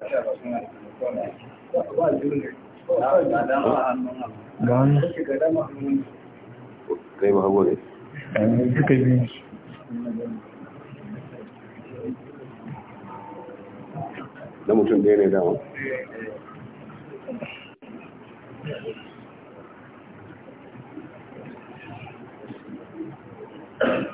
kai ba hagu ne mutum ɗaya ne dama Thank you.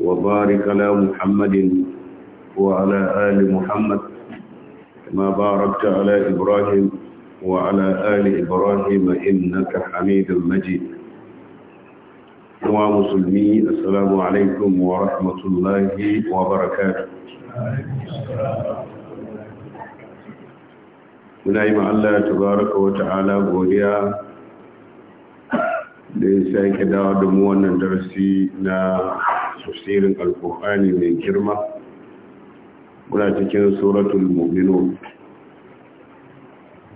وبارك على محمد وعلى آل محمد كما باركت على إبراهيم وعلى آل إبراهيم إنك حميد مجيد ومسلمي السلام عليكم ورحمة الله وبركاته muna yi Allah tabaraka wa ta'ala godiya da ya sake dawo da mu wannan darasi na tafsirin alkur'ani mai girma muna cikin suratul mu'minun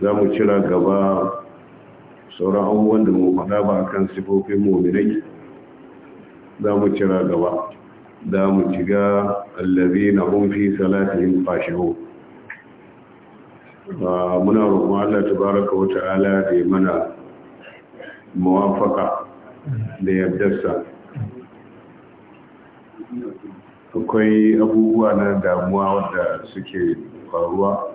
za mu cira gaba sauran abubuwan da mu faɗa ba kan sifofin mu'minai za mu cira gaba za mu shiga allazi na hunfi salatin fashihu ah, muna roƙon Allah tabaraka wata ala, da mana mawafaka da yardarsa akwai abubuwa na damuwa wadda suke faruwa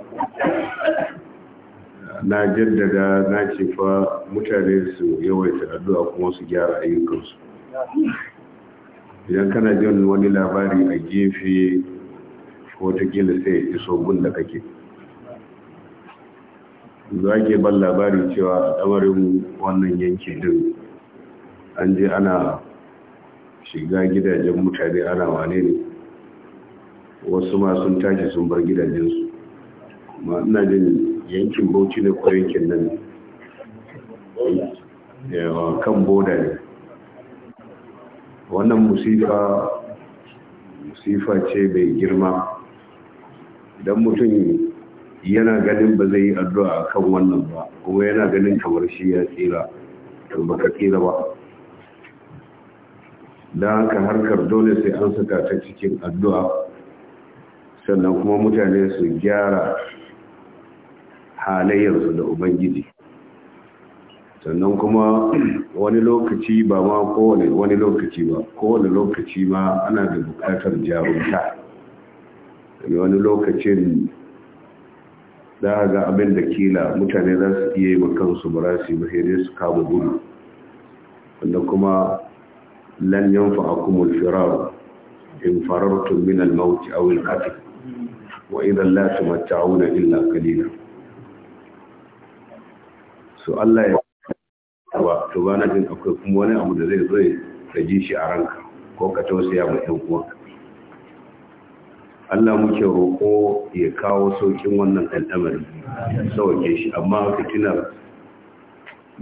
na jaddada na ce fa mutane su yawaita addu'a kuma su gyara ayyukansu idan kana jin wani labari a gefe ko ta gina sai iso gun da kake za ke ban labari cewa a tsamarin wannan yanki din an je ana shiga gidajen mutane ana wane ne wasu ma sun tashi sun bar gidajensu ma ina jin yankin bauchi ne ko yankin nan kan boda ne wannan musifa musifa ce mai girma idan mutum yana ganin ba zai yi addu'a kan wannan ba kuma yana ganin kamar shi ya tsira to baka tsira ba da haka harkar dole sai an saka ta cikin addu'a sannan kuma mutane su gyara halayyarsu da ubangiji sannan kuma wani lokaci ba ma kowane wani lokaci ba kowane lokaci ma ana da bukatar jarumta wani lokacin za ga abin da kila mutane za su iya yi makansu ba su yi ba su kama gudu wanda kuma lan yanfa al-firar in farartum min al-maut aw al wa idan la tumatta'una illa qalila so Allah ya wa to bana jin akwai kuma wani abu da zai zo ya shi a ranka ko ka tausaya ma ɗan uwanka Allah muke roƙo ya kawo saukin wannan al'amarin sauke shi amma fitina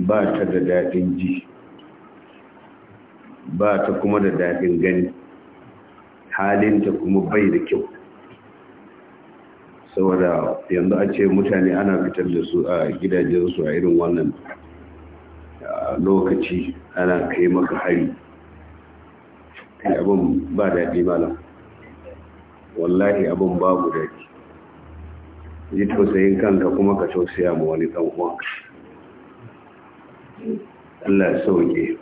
ba ta da daɗin ji ba ta kuma da daɗin gani halinta kuma bai da kyau saboda yanzu a ce mutane ana fitar da su a gidajensu a irin wannan lokaci ana kai maka hari abin ba daɗi malam wallahi abin babu daɗi ji tausayin kanka kuma ka tausaya ma wani ɗan uwanka Allah ya sauke.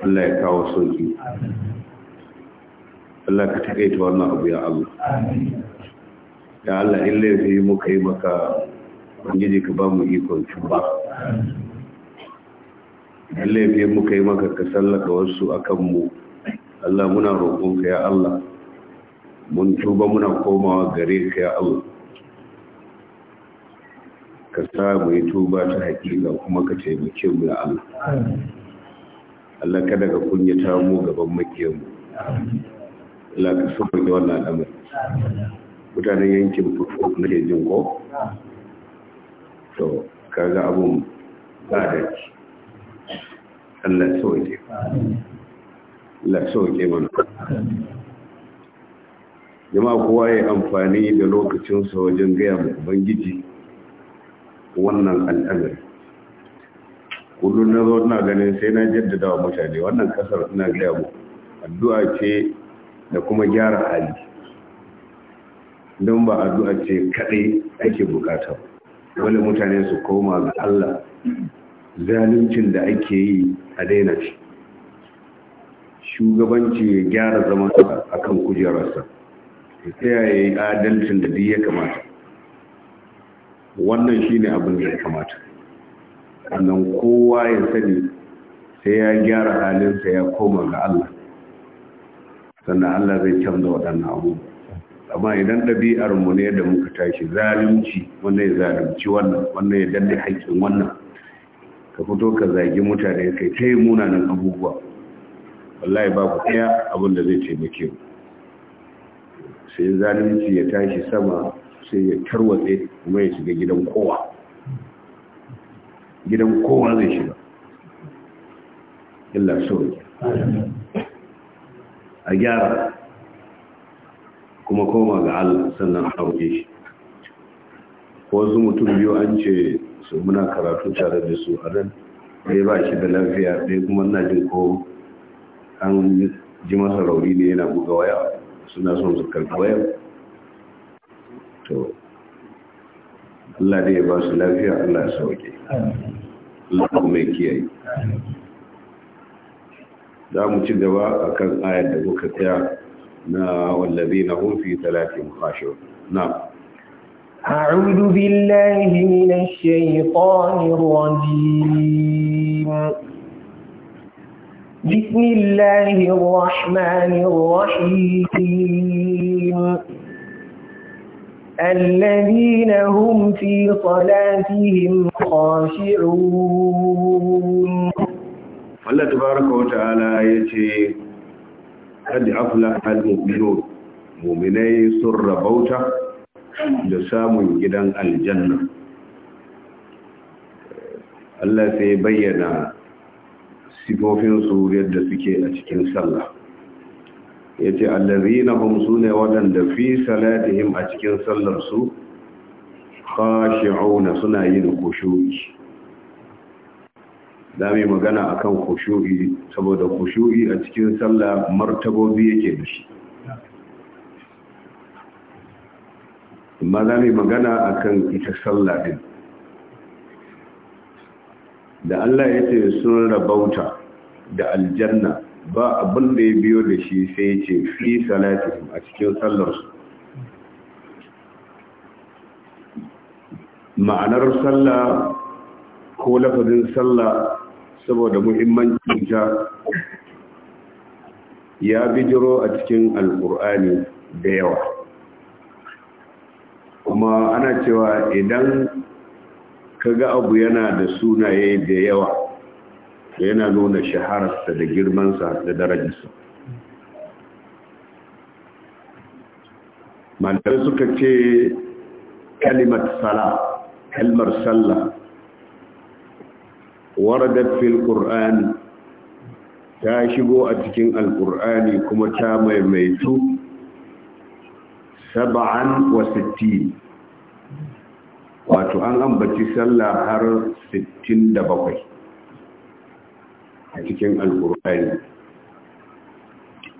Allah ya kawo sauki Allah ka taƙaita wannan abu ya Allah ya Allah in yi muka yi maka ubangiji ka ba mu ikon ba in yi muka yi maka ka sallaka wasu akan mu Allah muna roƙonka ya Allah mun tuba muna komawa gare ka ya Allah ka sa mu yi tuba ta haƙiƙa kuma ka taimake mu ya Allah Allah kada ka kunyata mu gaban makiyanmu. mu Allah ka sauke wannan al'amari mutanen yankin Fufu na jin ko to kaga abun ba da ci Allah sauke Allah sauke mana jama'a kowa ya amfani da lokacinsa wajen gaya mu ubangiji wannan al'amari kullum na zo ina ganin sai na jaddada wa mutane wannan kasar ina gaya mu addu'a ce da kuma gyara hali don ba addu'a ce kaɗai ake bukata wani mutane su koma ga Allah zaluncin da ake yi a daina shi shugabanci ya gyara zama a kan kujerarsa ya yi adalcin da duk ya kamata wannan shine abin da ya kamata sannan kowa ya sani sai ya gyara halinsa ya koma ga Allah sannan Allah zai canza waɗannan abu amma idan ɗabi'armu ne da muka tashi zalunci wannan ya zalunci wannan wannan ya danne haƙƙin wannan ka fito ka zagi mutane kai ta yi munanan abubuwa wallahi babu ɗaya abin da zai taimake mu sai zalunci ya tashi sama sai ya tarwatse kuma ya shiga gidan kowa gidan kowa zai shiga illa sauki a gyara kuma koma ga Allah sannan hauke shi wasu mutum biyu an ce su muna karatu tare da su a nan ɗaya ba shi da lafiya ɗaya kuma na jin ko an ji masa rauni ne yana buga waya suna son su karfi waya to Allah da ba su lafiya Allah ya sauke. Allah mai kiyaye za mu ci gaba a kan ayar da muka tsaya na wallazina hum fi talatin khashu na أعوذ بالله من الشيطان الرجيم بسم الله الرحمن الرحيم الذين هم في صلاتهم خاشعون Allah tabaraka wa ta'ala yace kad aflaha al-mu'minun mu'minai sun rabauta da samun gidan aljanna Allah sai bayyana sifofinsu yadda suke a cikin sallah ya ce allazina hum su ne waɗanda fi salatihim a cikin sallarsu khashi'una suna yin khushu'i da mai magana akan khushu'i saboda khushu'i a cikin sallah martabobi yake da shi amma za mu magana akan ita sallah din da Allah ya ce sun rabauta da aljanna ba abin da ya biyo da shi sai ya ce fi salatihim a cikin sallarsu ma'anar sallah ko lafazin sallah saboda muhimmancin ta ya bijiro a cikin alkur'ani da yawa kuma ana cewa idan ka ga abu yana da sunaye da yawa yana nuna shahararsa da girmansa da darajarsa malamai suka ce kalimat sala kalmar sallah waradat fil qur'an ta shigo a cikin Alƙur'ani kuma ta maimaitu saba'an wa sittin wato an ambaci sallah har 67 a cikin alkur'ani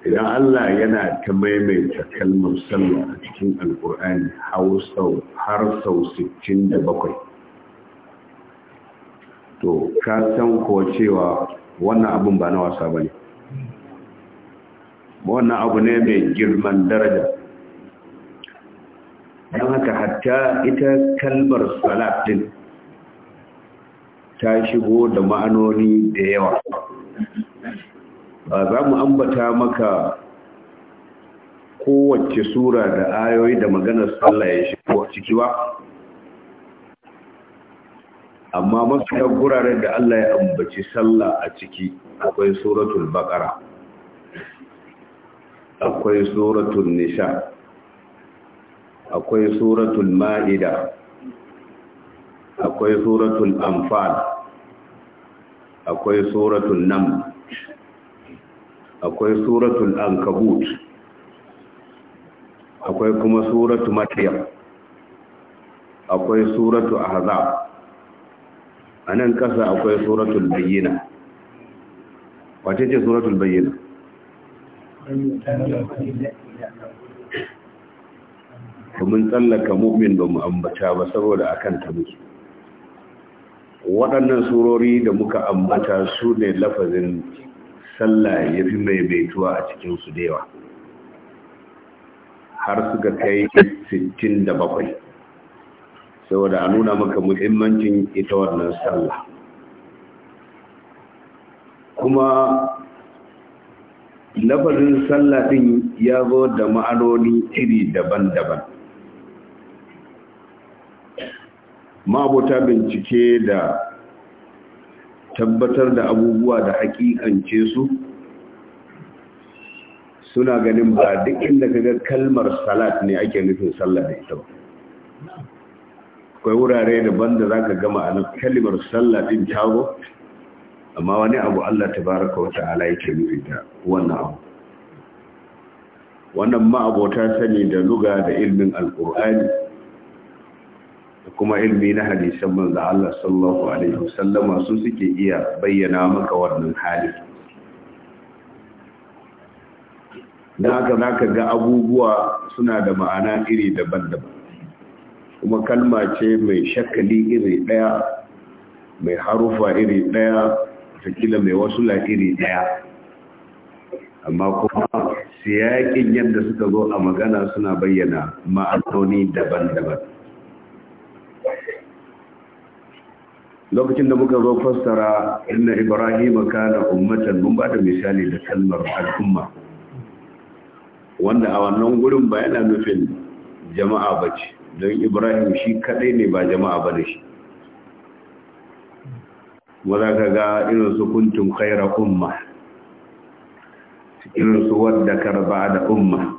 idan Allah yana ta maimaita kalmar sallah a cikin alkur'ani har sau 67 to ka san ko cewa wannan abin ba na wasa ba ne wannan abu ne mai girman daraja don haka hatta ita kalmar salatin ta shigo da ma'anoni da yawa za mu ambata maka kowace sura da ayoyi da maganar sallah ya shigo ciki ba amma mafiya guraren da Allah ya ambaci sallah a ciki akwai suratul baqara akwai suratul nisa akwai suratul ma'ida akwai suratul anfal akwai suratul naml akwai suratul ankabut akwai kuma suratu Matiyar. akwai suratu ahzab anan kasa akwai suratul bayyina wace ce suratul bayyina Kumin tsallaka mu'min ba mu ambata ba saboda akan ta musu waɗannan surori da muka ambata su ne lafazin sallah ya fi maimaituwa a cikinsu da yawa har suka kai da bakwai, saboda a nuna maka muhimmancin ita wannan sallah kuma lafazin sallah din ya zo da ma'anoni iri daban-daban ma'abota bincike da tabbatar da abubuwa da hakikance su suna ganin ba duk inda ka ga kalmar salat ne ake nufin sallah da ita ba akwai wurare daban da zaka gama a kalmar sallah din tago amma wani abu Allah tabaraka wata'ala yake nufi da wannan abu wannan ma abota sani da luga da ilmin alqur'ani kuma ilmi na hadisan manzo Allah sallallahu alaihi wasallama su suke iya bayyana maka wannan hali dan haka zaka ga abubuwa suna da ma'ana iri daban-daban kuma kalma ce mai shakali iri daya mai harufa iri daya takila mai wasu la iri daya amma kuma siyakin yadda suka zo a magana suna bayyana ma'anoni daban-daban lokacin da muka zo fassara inna ibrahim kana ummatan mun ba misali da kalmar al'umma wanda a wannan gurin ba yana nufin jama'a bace don ibrahim shi kadai ne ba jama'a ba da shi za ka ga irin su kuntum khaira umma irin su wadda karba da umma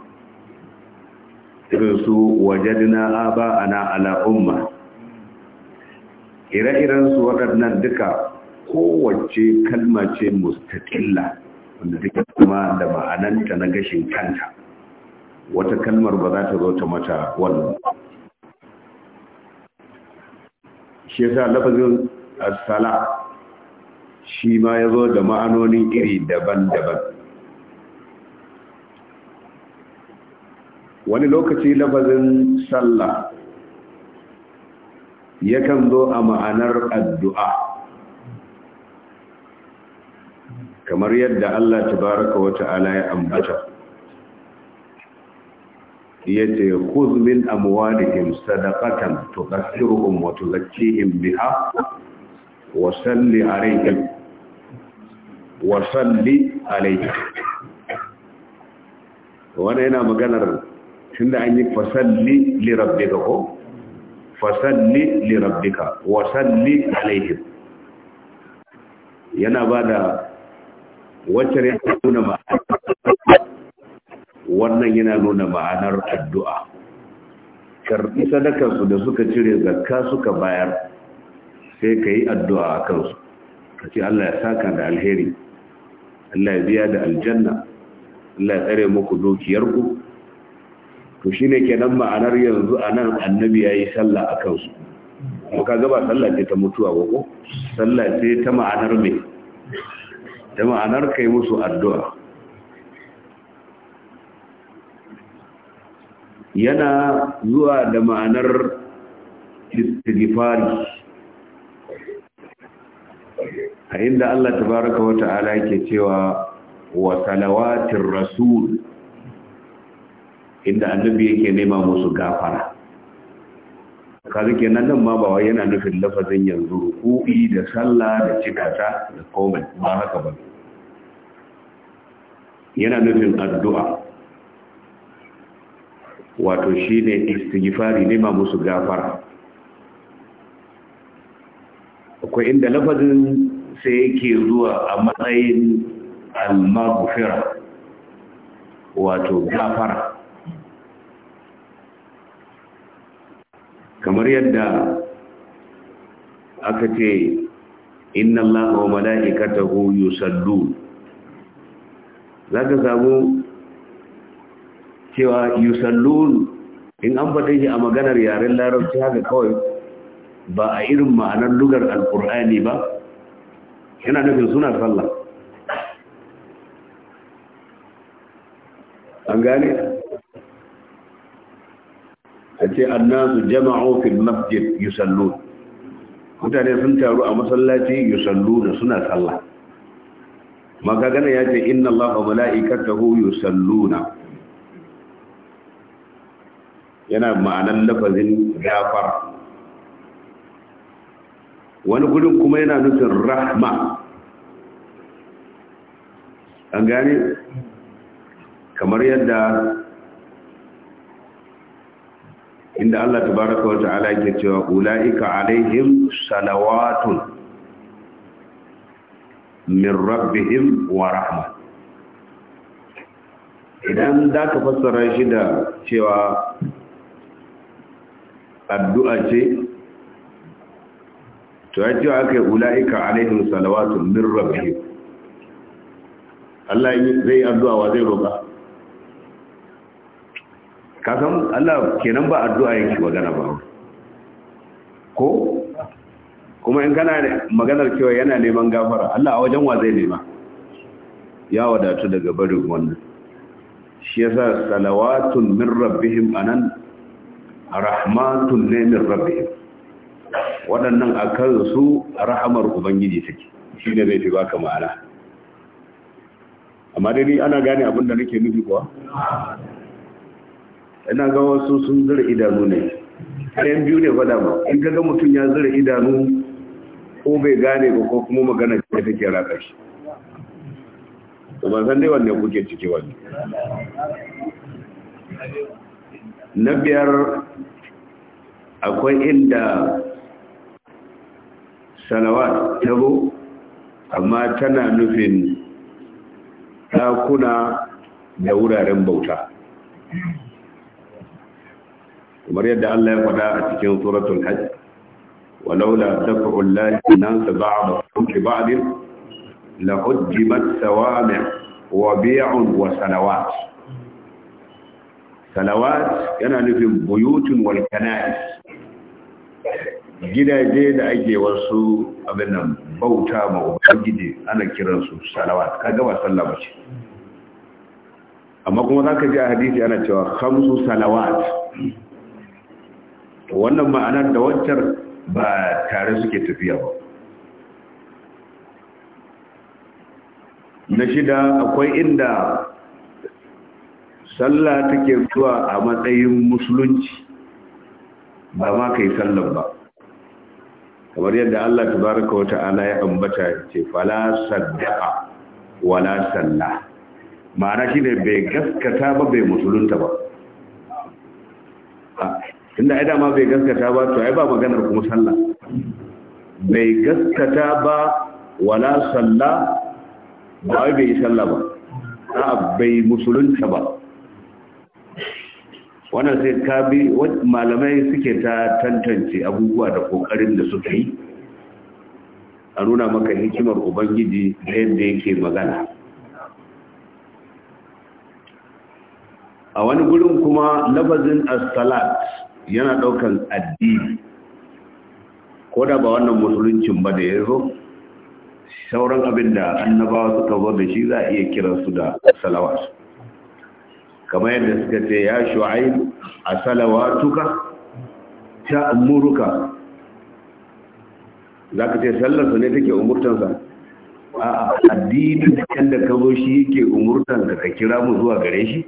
irin su wajadina aba ana ala umma ire-iren su waɗannan duka kowace kalma ce mustaƙilla wanda duka kuma da ma'ananta na gashin kanta wata kalmar ba za ta zo ta mata wannan shi sa lafazin as-sala shi ma ya zo da ma'anoni iri daban-daban wani lokaci lafazin sallah yakan zo a ma'anar addu'a kamar yadda Allah Ta tabaraka Wata Ala ya ambata yace khudh min amwalihim sadaqatan tuqassiruhum zaki tuzakkihim biha wa salli alayhim wa salli alayhim Wani yana maganar da an yi fasalli li rabbika ko fasalli li rabbika wa salli alaihim yana bada da wacce ya nuna ma'anar wannan yana nuna ma'anar addu'a karɓi sadakarsu da suka cire zakka suka bayar sai ka yi addu'a a kansu ka ce Allah ya saka da alheri Allah ya biya da aljanna Allah ya tsare muku dukiyarku to shine kenan ma'anar yanzu a anan annabi yayi sallah akan su ko kaga ba sallah ce ta mutuwa ba ko sallah ce ta ma'anar me ta ma'anar kai musu addu'a yana zuwa da ma'anar istighfari a inda Allah tabaraka wa ta'ala yake cewa wa salawatir rasul inda annabi yake nema musu gafara kaza kenan nan ma ba wai yana nufin lafazin yanzu ruku'i da sallah da cikata da komai ba haka ba yana nufin addu'a wato shine istighfari nema musu gafara akwai inda lafazin sai yake zuwa a matsayin al-maghfira wato gafara kamar yadda aka ce inna allaha wa mala'ikatahu yusallun zaka samu cewa yusallun in an faɗe shi a maganar yaren larabci haka kawai ba a irin ma'anar lugar alkur'ani ba yana nufin suna sallah an gane ka ce annasu jama'u fil masjid yusallu mutane sun taru a masallaci yusallu suna sallah maka gane ya ce inna allaha wa mala'ikatahu yusalluna yana ma'anan lafazin gafar wani gudun kuma yana nufin rahma an gane kamar yadda inda Allah tabaraka wa ta'ala yake cewa ulaika alaihim salawatun min rabbihim wa rahma idan da ka fassara shi da cewa addu'a ce to ya cewa aka yi ulaika alaihim salawatun min rabbihim Allah zai addu'a wa zai roƙa ka san Allah kenan ba addu'a yake magana ba ko kuma in kana maganar cewa yana neman gafara Allah a wajen wa zai nema ya wadatu daga barin wannan shi yasa salawatun min rabbihim anan rahmatun ne min rabbihim waɗannan a kansu rahamar ubangiji take shi ne zai fi baka ma'ana amma dai ana gane abin da nake nufi kuwa ina ga wasu sun zira idanu ne ɗayan biyu ne fada ba in ga mutum ya zira idanu ko bai gane ba ko kuma magana ce take raka shi ba san dai wanne kuke ciki wani na biyar akwai inda sanawa ta amma tana nufin ɗakuna da wuraren bauta kamar yadda Allah ya faɗa a cikin suratul hajj walaula dafa'u llahi an-nas ba'dahum bi ba'd la hujjimat sawami' wa bi'un wa salawat salawat yana nufin buyutun wal kana'is gidaje da ake wasu abin nan bauta ma ubangiji ana kiransu salawat kaga ba sallah ba ce amma kuma zaka ji a hadisi ana cewa khamsu salawat to wannan ma'anar da wancan ba tare suke tafiya ba na shida akwai inda sallah take zuwa a matsayin musulunci ba ma kai sallan ba kamar yadda Allah tabaraka wa ta'ala ya ambata ce fala saddaqa wala salla ma'ana shi ne bai gaskata ba bai musulunta ba tunda ai dama bai gaskata ba to ai ba maganar kuma sallah bai gaskata ba wala sallah ba ai bai yi sallah ba a bai musulunta ba wannan sai ka bi malamai suke ta tantance abubuwa da kokarin da suka yi a nuna maka hikimar ubangiji da yadda yake magana a wani gurin kuma lafazin as-salat yana daukan addini ko da ba wannan musuluncin ba da ya zo sauran abin da annabawa suka zo da shi za a iya kiransu da salawat kamar yadda suka ce ya shu'aib a salawatuka ta amuruka za ka ce sallarsa ne take umurtansa a addini da kan da ka zo shi yake umurtanka ka kira mu zuwa gare shi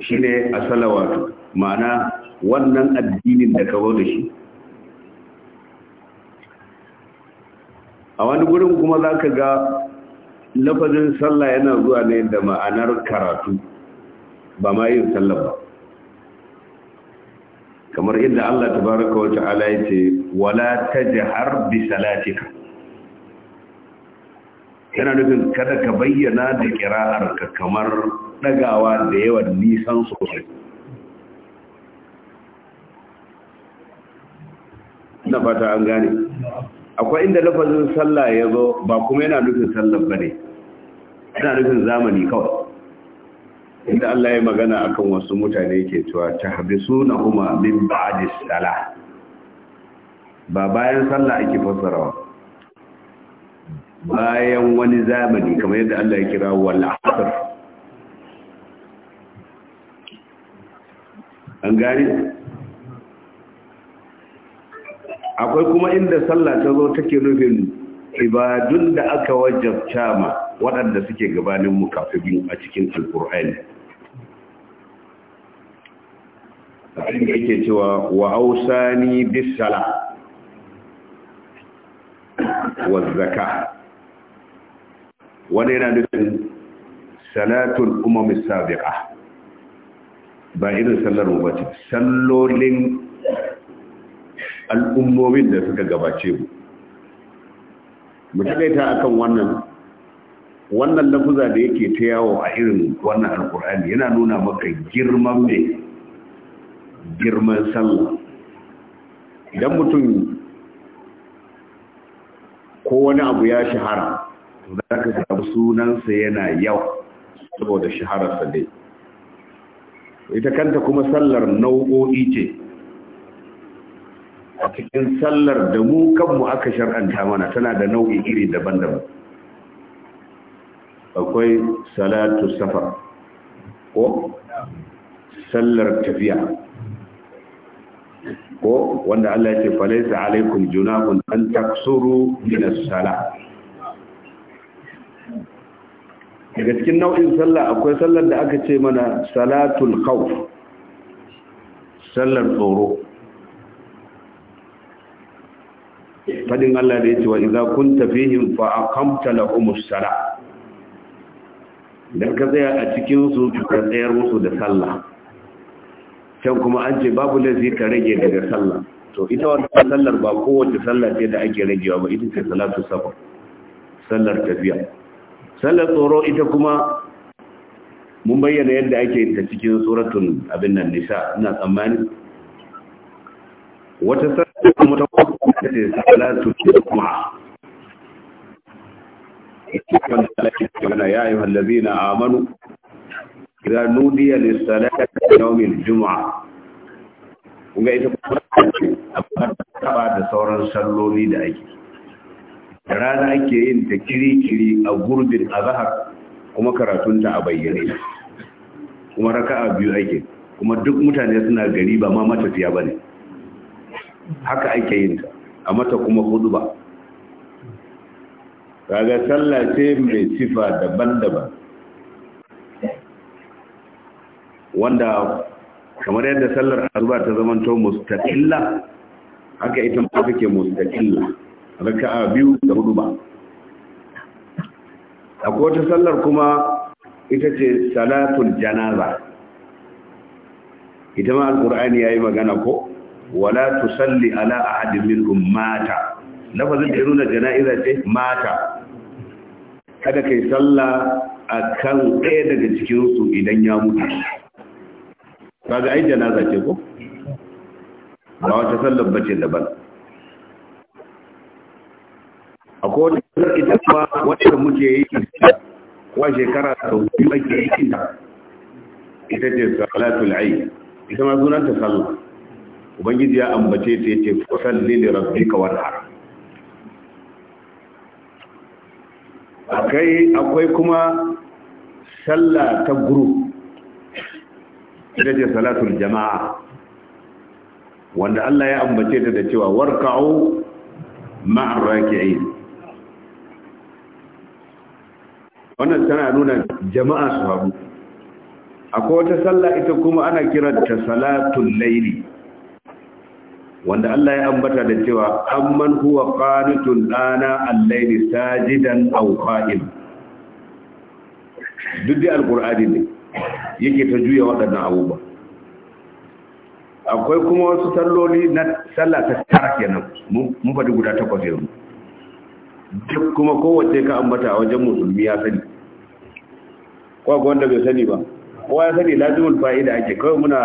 Shi ne shine asalawatu ma'ana wannan addinin da kawo da shi a wani gurin kuma za ka ga lafazin sallah yana zuwa ne da ma'anar karatu ba ma yin sallah ba kamar inda Allah Wata baraka ya ce wala tajhar jihar bisalatika yana nufin kada ka bayyana da ka kamar ɗagawa da yawan nisan sosai na fata an gane akwai inda lafazin sallah ya zo ba kuma yana nufin sallah ba ne yana nufin zamani kawai inda Allah ya magana akan wasu mutane ke cewa ta haɗe suna kuma min ba'adis sala ba bayan sallah ake fassarawa bayan wani zamani kamar yadda Allah ya kira wa la'asar gane akwai kuma inda sallah ta zo take nufin ibadun da aka wajabta ma waɗanda suke gabanin mu a cikin alkur'ani abin da yake cewa wa ausani bis sala wa zakka wani yana nufin salatul umam sabiqah ba irin sallar mu ce, sallolin al'ummomin da suka gabace mu mu akan wannan wannan lafuza da yake ta yawo a irin wannan alkur'ani yana nuna maka girman mai girman sallah idan mutum ko wani abu ya shahara to za ka sunansa yana yawa saboda shahararsa dai ita kanta kuma sallar nau'o'i ce a cikin sallar da mu kanmu aka shar'anta mana tana da nau'i iri daban-daban akwai salatu safar ko sallar tafiya ko wanda Allah ya ce falaisa alaikum junahun an taksuru min as-salah daga cikin nau'in sallah akwai sallar da aka ce mana salatul khawf sallar tsoro fadin Allah da ya ce wa idza kunta fihim fa aqamta lahumus sala dan ka tsaya a cikin su ka tsayar musu da sallah can kuma an ce babu zai ka rage daga sallah to ita wannan sallar ba kowace sallah ce da ake ragewa ba ita ce salatu safar sallar tafiya sallar tsoro ita kuma mun bayyana yadda ake ta cikin tsoratun abin nan nisa ina tsammani wata sallar da mutum da ta salatu kuma ikikin salatu yana yayi hallabi na amanu ga nudiya da salatu da yawon juma'a kunga ita kuma da sauran salloli da ake da rana ake yin ta kiri-kiri a gurbin azahar kuma karatunta a bayyane kuma a biyu ake kuma duk mutane suna gari ba ma matafiya ba ne haka ake yin ta a mata kuma hudu ba Raga sallah ce mai sifa daban-daban wanda kamar yadda sallar arba ta zamanto mustaqilla haka ita ma musta illa? raka'a biyu da hudu ba akwai wata sallar kuma ita ce salatul janaza ita ma alqur'ani yayi magana ko wala tusalli ala ahadin minhum mata lafazin da nuna jana'iza ce mata kada kai salla akan ɗaya daga cikin su idan ya mutu kaga ai janaza ce ko ba wata sallar bace daban ko da ita kuma wacce muke yi kuma shekara sau biyu ake yi ita ita ce salatul ayi ita ma sunan ta sallah ubangiji ya ambace ta yace salli li rabbika wanhar akai akwai kuma sallah ta group ita ce salatul jama'a wanda Allah ya ambace ta da cewa warka'u ma'ar raki'in wannan tana nuna jama'a su hagu akwai wata sallah ita kuma ana kiranta salatul laili wanda Allah ya ambata da cewa amman huwa qanitun ana al laili sajidan aw qa'im duk da alqur'ani ne yake ta juya waɗannan abubuwa akwai kuma wasu salloli na sallah ta tara kenan mun faɗi guda takwas yanzu duk kuma kowace ka ambata a wajen musulmi ya sani kwa wanda bai sani ba kowa ya sani lazimul fa'ida ake kawai muna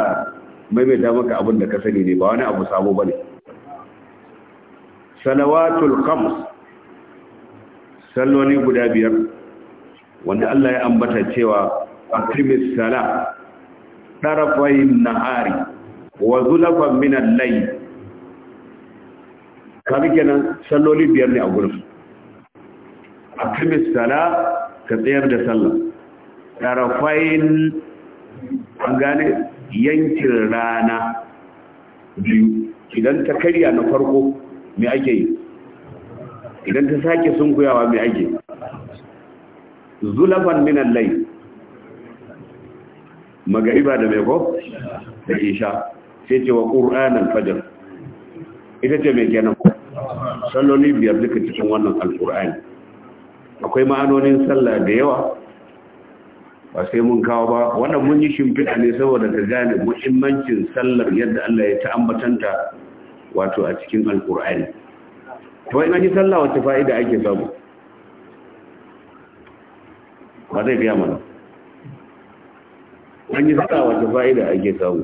maimaita maka abin da ka sani ne ba wani abu sabo ne salawatul khams salloni guda biyar wanda Allah ya ambata cewa a aqimis sala na nahari wa zulafan minan layi kamikinan salloli biyar ne a gurin akimis sala ka tsayar da sallah tarafain an gane yankin rana biyu idan ta karya na farko mai ake yi idan ta sake sun kuyawa mai ake zulafan minan lai magariba da meko da isha sai ce wa ƙur'anin fajar ita ce mai kenan salloli biyar duka cikin wannan alƙur'ani akwai ma'anonin sallah da yawa ba sai mun kawo ba wannan mun yi shimfiɗa ne saboda ta gane muhimmancin sallar yadda Allah ya ta'ambatanta wato a cikin alkur'ani to in an yi sallah wacce fa'ida ake samu ba zai biya mana an yi sallah wacce fa'ida ake samu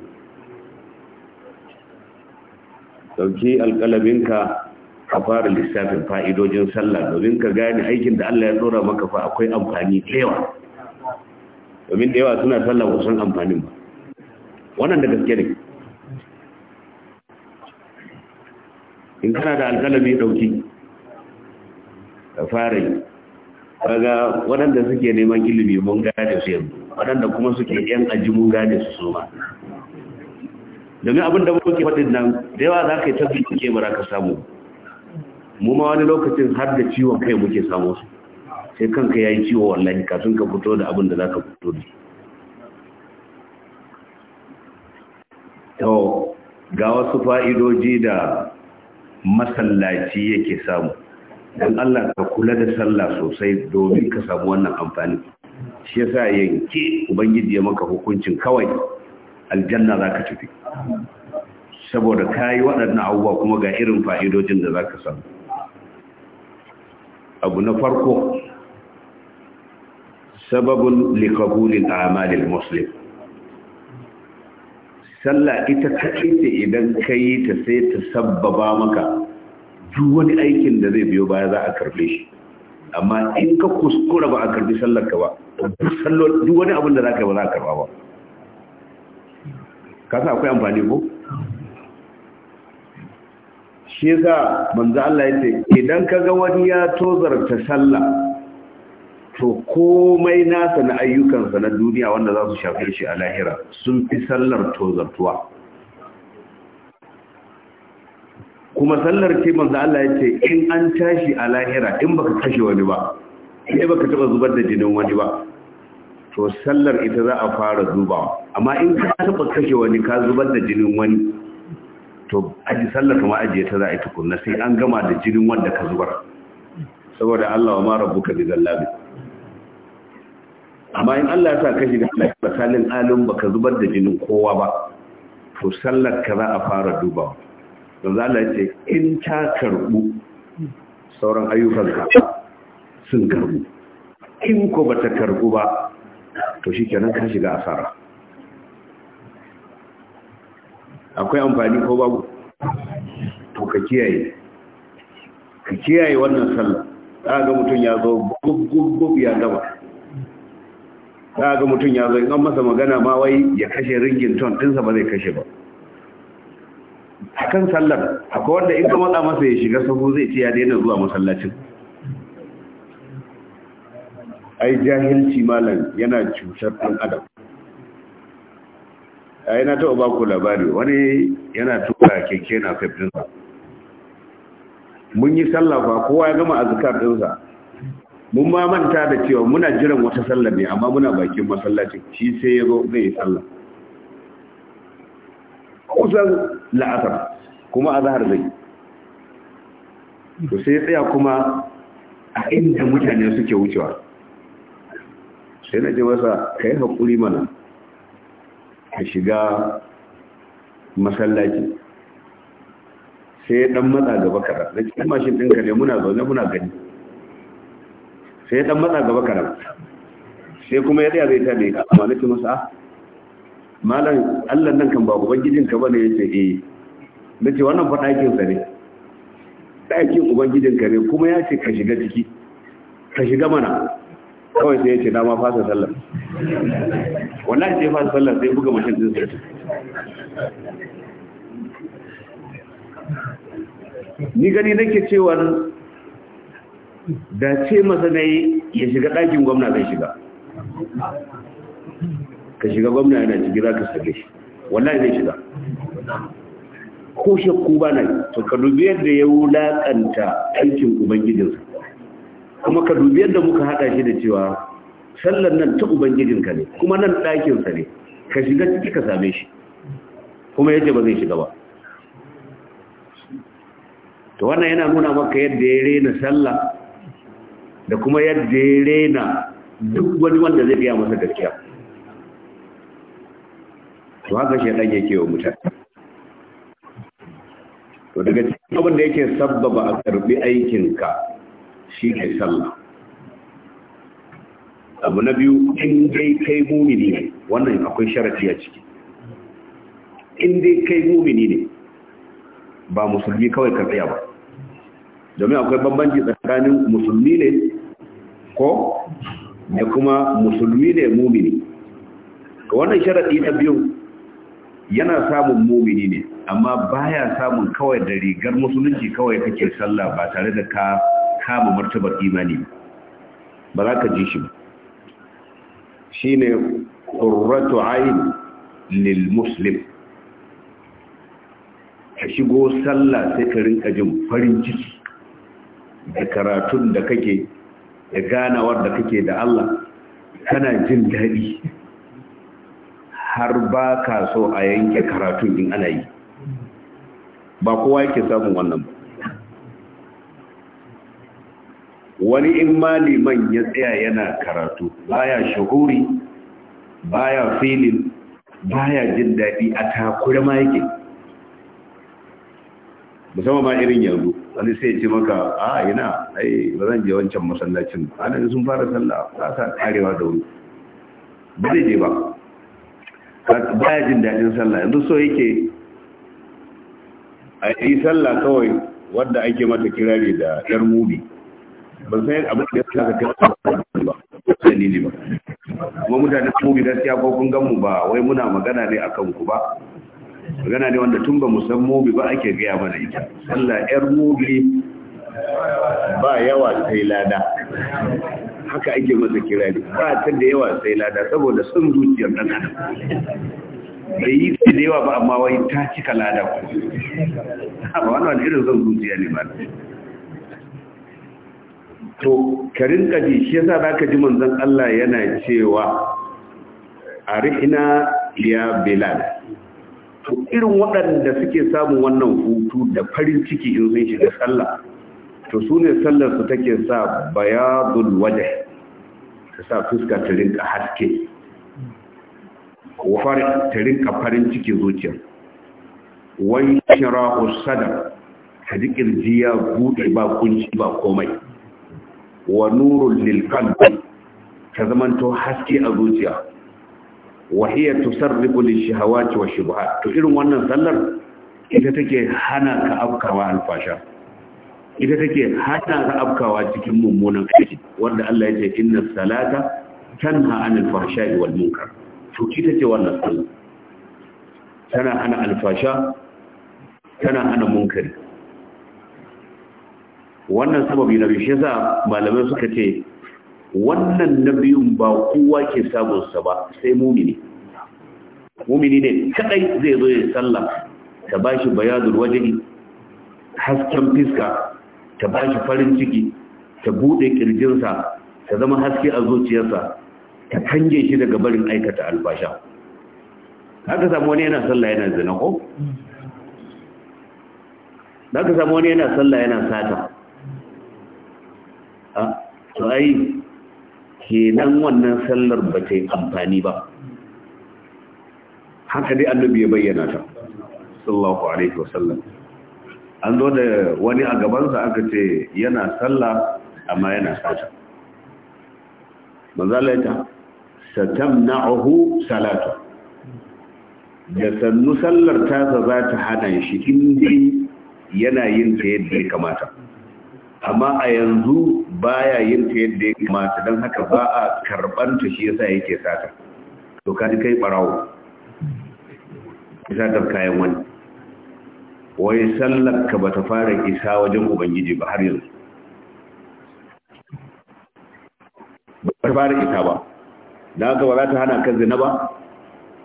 Sauki alƙalaminka a fara lissafin fa'idojin sallah domin ka gane aikin da Allah ya tsora maka fa akwai amfani da yawa domin da yawa suna sallah ba san amfanin ba wannan da gaske ne in kana da alkalami dauki ka fara yi kaga waɗanda suke neman ilimi mun gane su yanzu waɗanda kuma suke yan aji mun gane su su domin abin da muke faɗin nan da yawa za ka yi tafi ke mara ka samu mu ma wani lokacin har da ciwon kai muke samu su sai kanka yayi ciwo wallahi kafin ka fito da abin da za ka fito da to ga wasu fa'idoji da masallaci yake samu don Allah ka kula da sallah sosai domin ka samu wannan amfani shi yasa yanke ubangiji ya maka hukuncin kawai aljanna za ka tafi saboda ka yi waɗannan abubuwa kuma ga irin fa'idojin da za ka samu abu na farko sababin likabulin amalin muslim sallah ita kaɗai ce idan ka yi ta sai ta sabbaba maka duk wani aikin da zai biyo baya za a karbe shi amma in ka kuskura ba a karbi sallar ka ba duk wani abin da za ka yi ba za a karba ba sa akwai amfani ko shi yasa manzo Allah ya ce idan kaga wani ya tozarta sallah to komai nasa na ayyukansa na duniya wanda za su shafe shi a lahira sun fi sallar tozartuwa kuma sallar ce manzo Allah ya ce in an tashi a lahira in baka kashe wani ba sai baka taba zubar da jinin wani ba to sallar ita za a fara zubawa amma in ka taba kashe wani ka zubar da jinin wani to aji sallar kama ajiye ta za a yi tukunna sai an gama da jirin wanda ka zubar saboda Allah wa mara buka bi zallabi amma in Allah ya sa ka shiga lafiya salin ba baka zubar da jinin kowa ba to sallar ka za a fara dubawa don za ce in ta karbu sauran ayyukan ka sun karbu in ko ba ta karbu ba to shi kenan ka shiga asara akwai amfani ko babu to ka kiyaye ka kiyaye wannan sallah za ga mutum ya zo gugugug ya gaba za ga mutum ya zo in an masa magana ma wai ya kashe ringin ton ɗinsa ba zai kashe ba kan sallar akwai wanda in ka matsa masa ya shiga sahu zai ce ya daina zuwa masallacin ai jahilci malam yana cutar ɗan adam a na taɓa baku labari wani yana tura keke na fafinsa mun yi sallafa kowa ya gama azikar ɗinsa mun ma manta da cewa muna jiran wata sallar ne amma muna bakin masallaci shi sai ya zo zai yi sallar kusan la'asar kuma a zahar zai sai ya tsaya kuma a inda mutane suke wucewa sai na ji masa ka yi haƙuri mana ka shiga masallaci sai dan matsa gaba kaɗan da cikin mashin ɗinka ne muna zaune muna gani sai dan matsa gaba kaɗan sai kuma ya tsaya zai ta ne amma nake masa ah, malam allah nan kan gidin ka ba ne ya ce eh da ce wannan sa ne ɗakin ka ne kuma ya ce ka shiga ciki ka shiga mana kawai sai ya ce dama fasa sallar wallahi sai fa sallah sai buga mashin din sai ni gani nake cewa da ce masa dai ya shiga ɗakin gwamna zai shiga ka shiga gwamna yana shiga za ka sage shi wallahi zai shiga ko shakku ba nan to ka dubi yadda ya wulaƙanta aikin ubangijinsa kuma ka dubi yadda muka haɗa shi da cewa sallar nan ta ubangijinka ne kuma nan ɗakinsa ne ka shiga ciki ka same shi kuma yadda ba zai shiga ba to wannan yana nuna maka yadda ya rena sallah da kuma yadda ya rena duk wani wanda zai biya masa gaskiya to haka shi ɗan yake wa mutane to daga cikin abin da yake sabbaba a karɓi aikinka shi ne sallah abu na biyu in dai kai mumini ne wannan akwai sharafi a ciki in dai kai mumini ne ba musulmi kawai ka tsaya ba domin akwai bambanci tsakanin musulmi ne ko da kuma musulmi ne mumini ga wannan sharafi na biyu yana samun mumini ne amma baya samun kawai da rigar musulunci kawai kake sallah ba tare da ka kama martabar imani ba za ka ji shi ba shine qurratu ayn lil muslim ka shigo sallah sai ka rinka jin farin ciki da karatun da kake da ganawar da kake da Allah kana jin daɗi har ba ka so a yanke karatun in ana yi ba kowa yake samun wannan ba wani in maliman ya tsaya yana karatu baya shahuri baya filin baya jin daɗi a takura ma yake musamman ma irin yanzu wani sai ce maka a yana ai ba zan je wancan masallacin anan sun fara sallah ba sa karewa da wuri ba zai je ba baya jin daɗin sallah yanzu so yake a yi sallah kawai wadda ake mata kirari da yar mubi ban san abin da ya sa ka ba dalili ba kuma mutane mu gaskiya ko kun gan mu ba wai muna magana ne akan ku ba magana ne wanda tun ba mu san mubi ba ake gaya mana ita sallah yar mubi ba yawa sai lada haka ake masa kirari ba ta da yawa sai lada saboda son zuciyar dan adam bai yi sai da yawa ba amma wai ta cika lada ku ba wannan irin zan zuciya ne ba to karin kaji shi yasa zaka ji manzon Allah yana cewa arihna ya bilal to irin waɗanda suke samun wannan hutu da farin ciki in sun shiga sallah to su ne sallar su take sa bayadul wajh ta sa fuska ta rinka haske fara ta rinka farin ciki zuciya wa shira'u sadaq ta ji bude buɗe ba kunci ba komai wa nurul lil qalbi ka zamanto haske a zuciya wa hiya tusarrifu lil shahawati wa shubuhat to irin wannan sallar ita take hana ka afkawa alfasha ita take hana ka afkawa cikin mummunan aiki wanda Allah ya ce inna salata tanha anil fahsha'i wal munkar to ita ce wannan sallar tana hana alfasha tana hana munkari wannan sababi na biyu shi yasa malamai suka ce wannan na biyun ba kowa ke samun sa ba sai mumini mumini ne kadai zai zo ya sallah ta bashi bayadul wajhi hasken fiska ta bashi farin ciki ta bude kirjinsa ta zama haske a zuciyarsa ta kange shi daga barin aikata albasha haka samu wani yana sallah yana zina ko haka samu wani yana sallah yana sata a to ai kenan wannan sallar ba ta yi amfani ba haka dai annabi ya bayyana ta sallallahu alaihi wasallam an zo da wani a gabansa aka ce yana sallah amma yana sata manzalaita satamna'uhu salatu da sannu sallar tasa za ta hana shi inda yana yin ta yadda ya kamata amma a yanzu baya yin ta yadda ya kamata don haka ba a karban ta shi yasa yake sata to kaji kai barawo satar kayan wani wai sallar ka ta fara isa wajen ubangiji ba har yanzu ba ta fara isa ba da haka ba za ta hana ka zina ba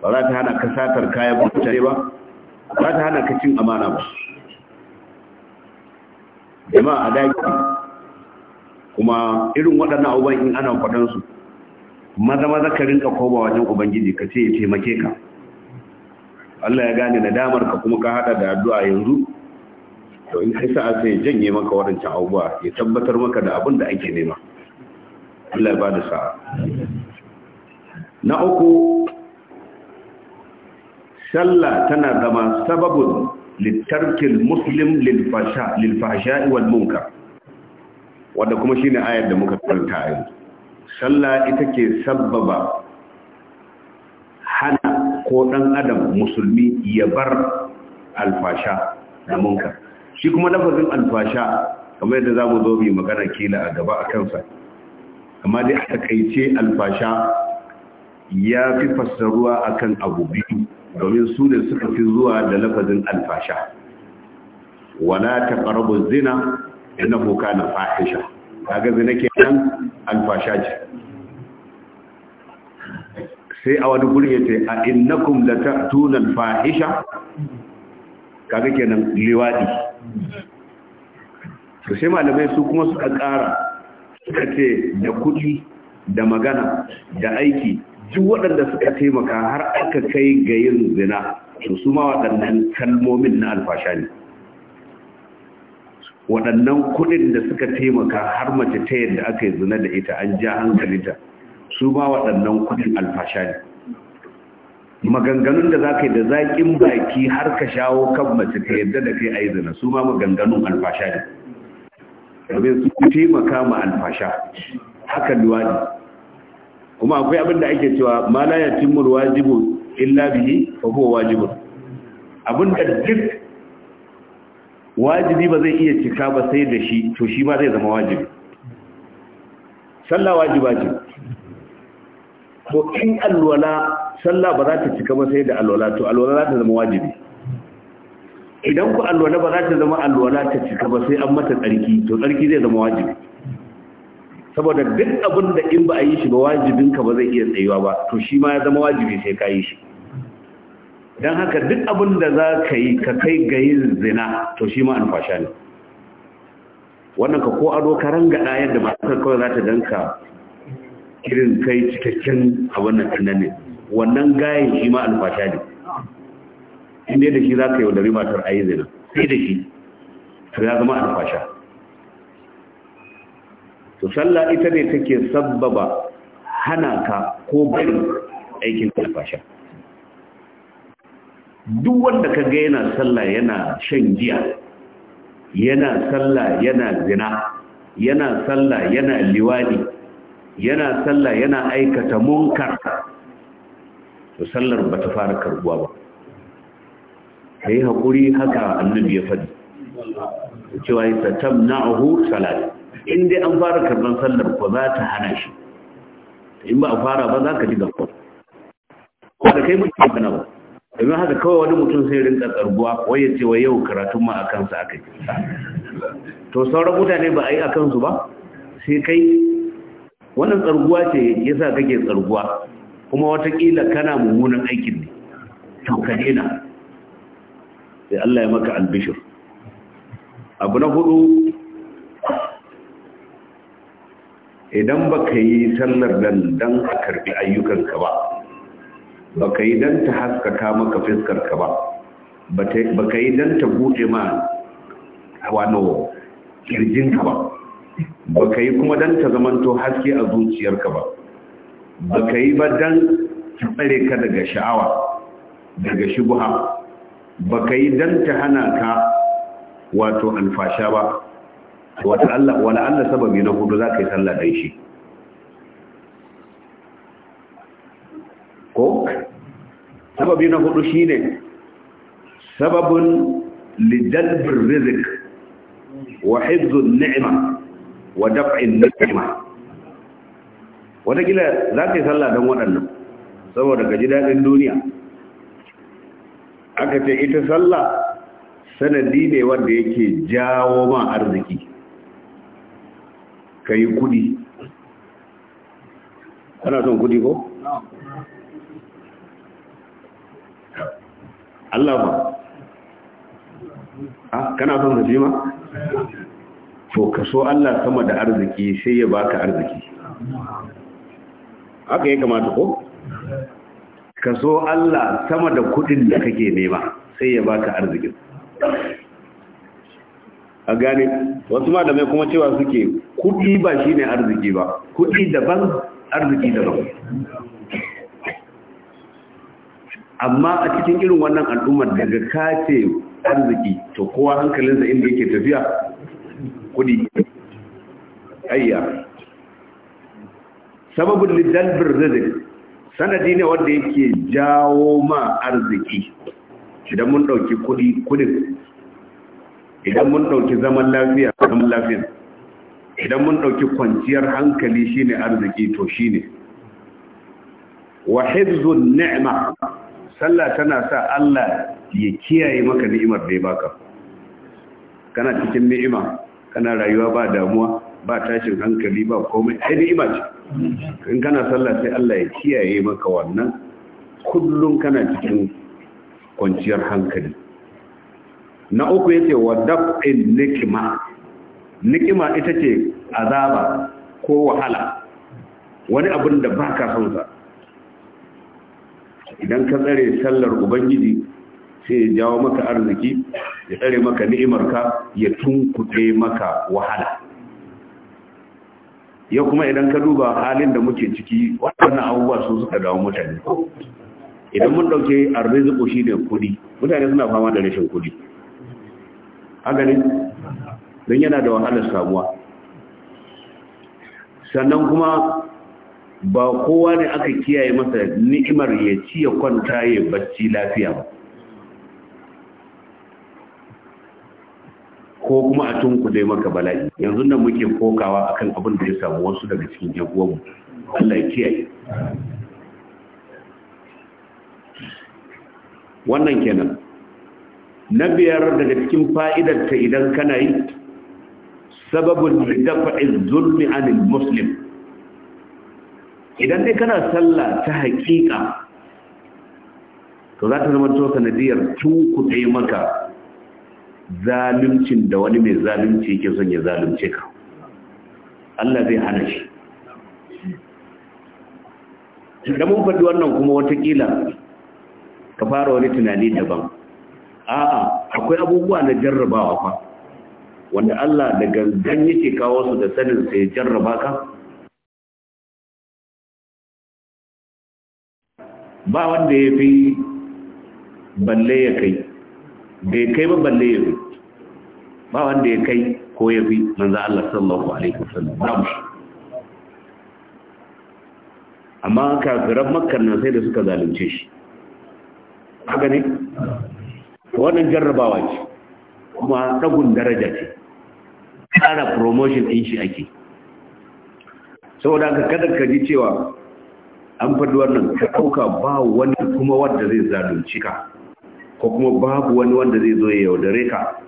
ba za ta hana ka satar kayan mutane ba ba ta hana ka cin amana ba jama'a a daki kuma irin waɗannan abubuwan in ana faɗansu maza maza ka rinka koma wajen ubangiji ka ce ya taimake ka Allah ya gane nadamar ka kuma ka hada da addu'a yanzu to in kai sa'a sai ya janye maka waɗancan abubuwa ya tabbatar maka da abin da ake nema Allah ya bada sa'a na uku sallah tana zama sababun littarkin muslim lil fahsha'i wal munkar wanda kuma shine ayar da muka karanta yanzu sallah ita ke sabbaba hana ko ɗan adam musulmi ya bar alfasha da munka shi kuma lafazin alfasha kamar yadda zamu zo mu magana kila a gaba a kansa amma dai a takaice alfasha ya fi fassaruwa akan abu biyu domin su ne suka fi zuwa da lafazin alfasha wala taqrabu zina innahu kana fahisha kaga zina kenan alfasha sai a wani gurin yace a innakum latatuna alfahisha kaga kenan liwadi to sai malamai su kuma suka ƙara suka ce da kuɗi da magana da aiki duk waɗanda suka taimaka har aka kai ga yin zina su suma waɗannan kalmomin na alfasha ne waɗannan kuɗin da suka taimaka har mace ta yadda aka yi zina da ita an ja hankalinta su ba waɗannan kuɗin alfasha ne maganganun da za ka yi da zaƙin baki har ka shawo kan mace ta yadda da kai a yi zina su ma maganganun alfasha ne domin su taimaka ma alfasha haka luwadi kuma akwai abin da ake cewa ma la yatimul wajibu illa bihi fa huwa wajibun abin da duk wajibi ba zai iya cika ba sai da shi to shi ma zai zama wajibi sallah wajiba ce to in alwala sallah ba za ta cika ba sai da alwala to alwala za ta zama wajibi idan ku alwala ba za ta zama alwala ta cika ba sai an mata tsarki to tsarki zai zama wajibi saboda duk abin da in ba a yi shi ba wajibinka ba zai iya tsayuwa ba to shi ma ya zama wajibi sai ka yi shi don haka duk abin da za ka yi ka kai ga yin zina to shi ma alfasha ne wannan ka ko ado ka rangada yadda masu kawai za ta danka irin kai cikakken abin nan ɗin ne wannan gayin shi ma alfasha ne inda da shi za ka wadari matar a yi zina sai da shi to ya zama alfasha to sallah ita ne take sabbaba hana ka ko bari aikin alfasha duk wanda ka ga yana sallah yana shan giya yana sallah yana zina yana sallah yana liwani yana sallah yana aikata munkar to sallar ba ta fara karbuwa ba kai hakuri haka annabi ya faɗi cewa ita tamna'uhu salat in dai an fara karban sallar ko za ta hana shi in ba a fara ba za ka ji gaba ba da kai mutum kana ba yanzu haka kawai wani mutum sai rinka tsarguwa wai ya ce wa yau karatun ma a kansa aka yi to sauran mutane ba a yi a kansu ba sai kai wannan tsarguwa ce ya sa kake tsarguwa kuma watakila kana mummunan aikin ne to ka daina sai Allah ya maka albishir abu na hudu idan baka yi sallar dan dan a karbi ayyukanka ba baka yi dan ta haskaka maka fiskar ka ba baka yi dan ta bude ma wano kirjin ka ba baka yi kuma dan ta zamanto haske a zuciyarka ba baka yi ba dan tsare ka daga sha'awa daga shubha baka yi dan ta hana ka wato alfasha ba wata Allah wala Allah sababi na hudu ka yi sallah dan shi sababi na hudu shine sababun lijalbin rizik wa hibzun ni'ima wa daf'in ni'ima watakila za ka yi sallah don waɗannan saboda ka ji daɗin duniya aka ce ita sallah sanadi ne wanda yake jawo ma arziki ka yi kudi ana son kudi ko? Allah ba a kana son ka ma to ka so Allah sama da arziki sai ya baka arziki haka ya kamata ko ka so Allah sama da kudin da kake nema sai ya baka arzikin a gane wasu ma da mai kuma cewa suke kudi ba shine arziki ba kudi daban arziki daban amma a cikin irin wannan al'ummar daga kace arziki to kowa hankalinsa inda yake tafiya kudi ayya sababin lidalbir rizik sanadi ne wanda yake jawo ma arziki idan mun dauki kudi kudin idan mun dauki zaman lafiya zaman lafiya idan mun dauki kwanciyar hankali shine arziki to shine wa hifzun ni'ma sallah tana sa Allah ya kiyaye maka ni'imar da ya baka kana cikin ni'ima kana rayuwa ba damuwa ba tashin hankali ba komai ai ni'ima ce in kana sallah sai Allah ya kiyaye maka wannan kullun kana cikin kwanciyar hankali na uku yace wa daf'in nikma nikma ita ce azaba ko wahala wani abin da baka son sa idan ka tsare sallar ubangiji sai ya jawo maka arziki ya tsare maka ni'imarka ya tunkuɗe maka wahala ya kuma idan ka duba halin da muke ciki waɗannan abubuwa su suka dawo mutane idan mun ɗauke arziki shi da kuɗi mutane suna fama da rashin kuɗi haka don yana da wahalar samuwa sannan kuma ba kowa ne aka kiyaye masa ni'imar ya ci ya kwanta ya bacci lafiya ba ko kuma a dai maka bala'i yanzu nan muke kokawa akan abin da ya samu wasu daga cikin yan mu Allah ya kiyaye wannan kenan na biyar daga cikin fa'idar ta idan kana yi sababin dafa'i zulmi anil muslim idan dai kana sallah ta haƙiƙa to za ta zama to sanadiyar tun kuɗe maka zalimcin da wani mai zalunci yake son ya zalunce ka Allah zai hana shi da mun faɗi wannan kuma watakila ka fara wani tunani daban a'a akwai abubuwa na jarrabawa fa wanda Allah da gangan ke kawo su da saninsa ya jarraba ka ba wanda ya fi balle ya kai bai kai ba balle ya fi ba wanda ya kai ko ya fi manzo Allah sallallahu alaihi wasallam mu shi amma kafiran makar nan sai da suka zalunce shi a ne wannan jarrabawa ce kuma dagun daraja ce ƙara promotion ɗin shi ake saboda haka kada ka ji cewa an faɗi wannan ka ɗauka ba wani kuma wanda zai zalunci ka ko kuma babu wani wanda zai zo ya yaudare ka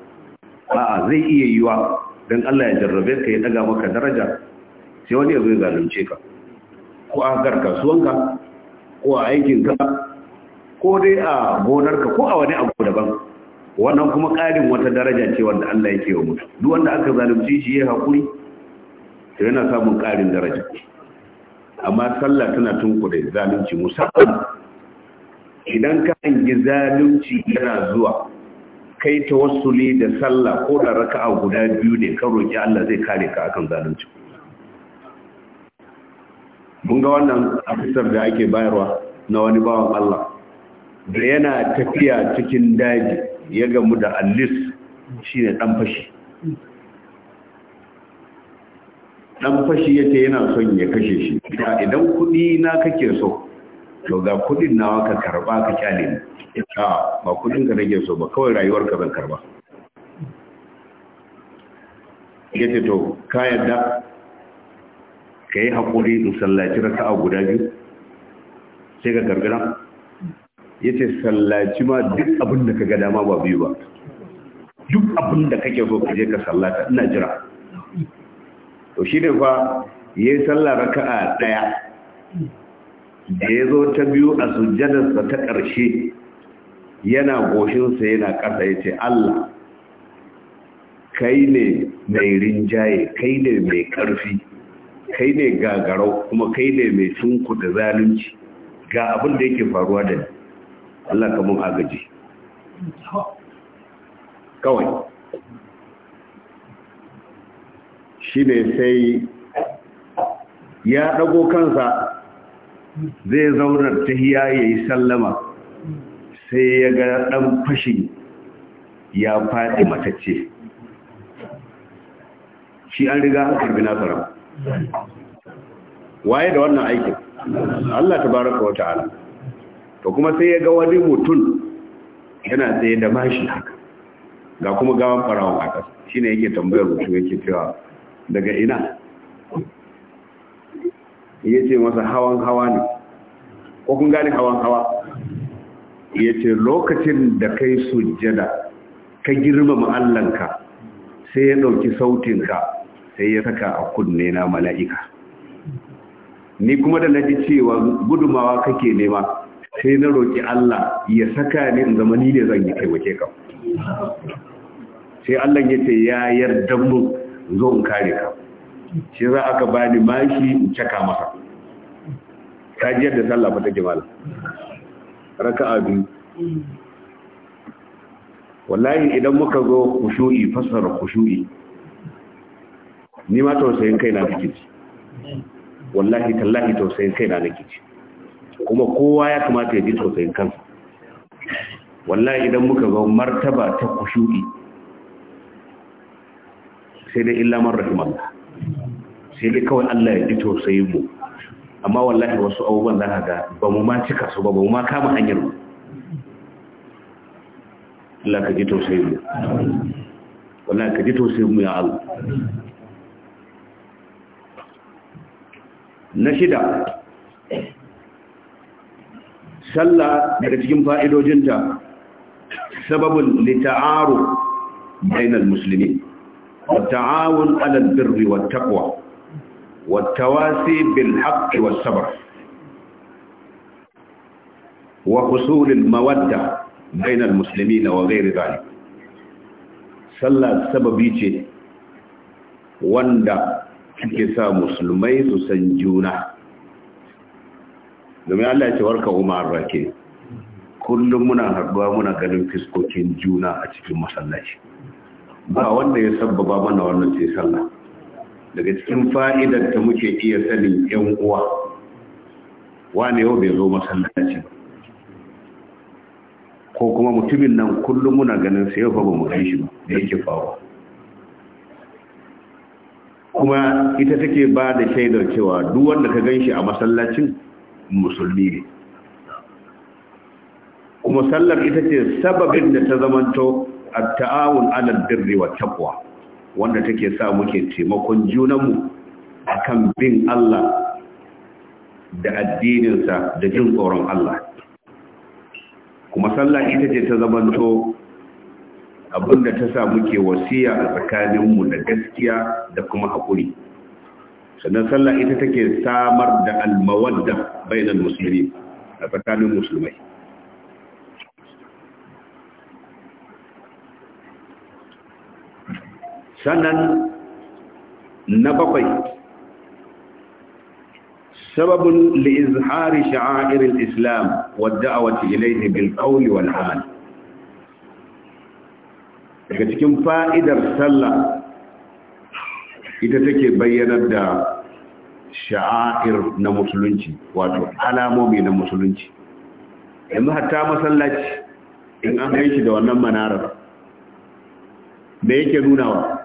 a'a zai iya yiwa don Allah ya jarrabe ka ya daga maka daraja sai wani ya zo ya zalunce ka ko a gar kasuwanka ko a aikin ka ko dai a gonarka ko a wani abu daban wannan kuma ƙarin wata daraja ce wanda Allah yake wa mutum duk wanda aka zalunci shi ya haƙuri to yana samun ƙarin daraja amma sallah tana tunkure zalunci musamman idan ka hangi zalunci yana zuwa kai ta tawassuli da sallah ko da raka'a guda biyu ne kan roki Allah zai kare ka akan zalunci mun ga wannan afisar da ake bayarwa na wani bawan Allah da yana tafiya cikin daji ya gamu da allis shine ɗan fashi dan fashi ce yana son ya kashe shi idan kudi na kake so to ga kudin nawa ka karba ka kyale ni a ba kudin ka nake so ba kawai rayuwar ka zan karba yace to ka yadda kai hakuri in sallaci a guda biyu sai ka gargara yace sallaci ma duk abin da ka ga dama ba biyu ba duk abin da kake so ka je ka sallata ina jira to shi ne fa ya yi sallah raka'a ɗaya da ya zo ta biyu a sujjadarsa ta ƙarshe yana goshinsa yana ƙasa ya ce Allah kai ne mai rinjaye kai ne mai ƙarfi kai ne gagarau kuma kai ne mai da zalunci ga abin da yake faruwa da Allah kamun agaji kawai shine sai ya dago kansa zai zauna ta ya yi sallama sai ya ga dan fashi ya faɗi matacce shi an riga an karbi nasara waye da wannan aikin Allah ta baraka wa ta'ala to kuma sai ya ga wani mutum yana tsaye da mashi haka ga kuma gawan farawon a ƙasa shi ne yake tambayar mutum yake cewa daga ina ya ce masa hawan hawa ne ko kun gane hawan hawa ya ce lokacin da kai sujjada ka girmama allanka sai ya ɗauki sautinka sai ya saka a kunne na mala'ika ni kuma da na naji cewa gudumawa kake nema sai na roƙi Allah ya saka ni in zama ni ne zan yi wake ka sai Allah ya ce ya yarda mu zo in kare ka shi za aka bani mashi in caka masa jiyar da sallah ba take mala raka'a biyu wallahi idan muka zo kushu'i fassara kushu'i ni ma tausayin na nake ci wallahi tallahi tausayin kai nake ci kuma kowa ya kamata ya ji tausayin kansa wallahi idan muka zo martaba ta kushu'i sai dai illa man rahimallah sai dai kawai Allah ya ji tausayin mu amma wallahi wasu abubuwan za ka ga ba mu ma cika su ba ba mu ma kama hanyar mu Allah ka ji tausayin mu wallahi ka ji tausayin mu ya Allah na shida sallah daga cikin fa'idojinta sababin lita'aru bainal muslimin والتعاون على البر والتقوى والتواسي بالحق والصبر وحصول المودة بين المسلمين وغير ذلك sallah sababi ce wanda take sa musulmai su san juna domin ya ce warka umar rake kullum muna haɗuwa muna ganin fiskokin juna a cikin masallaci ba wanda ya sabbaba mana wannan sai sallah daga cikin fa'idar ta muke iya sanin yan uwa wane yau bai zo masallaci ko kuma mutumin nan kullum muna ganin sai yau ba mu gan shi ba da yake fawa kuma ita take ba da shaidar cewa duk wanda ka gan shi a masallacin musulmi ne kuma sallar ita ce sababin da ta zamanto at-ta'awun 'alal birri taqwa wanda take sa muke taimakon junanmu akan bin Allah da addininsa da jin tsoron Allah kuma sallah ita ce ta zamanto abinda ta sa muke wasiya a tsakaninmu da gaskiya da kuma haƙuri sannan sallah ita take samar da almawadda bainal musulmi a tsakanin musulmai sannan na bakwai islam wadda شعائر الإسلام والدعوة إليه بالقول amal daga cikin fa'idar sallah ita take bayyanar da sha'air na musulunci wato alamomi na musulunci yanzu hatta masallaci in an shi da wannan manarar da yake nunawa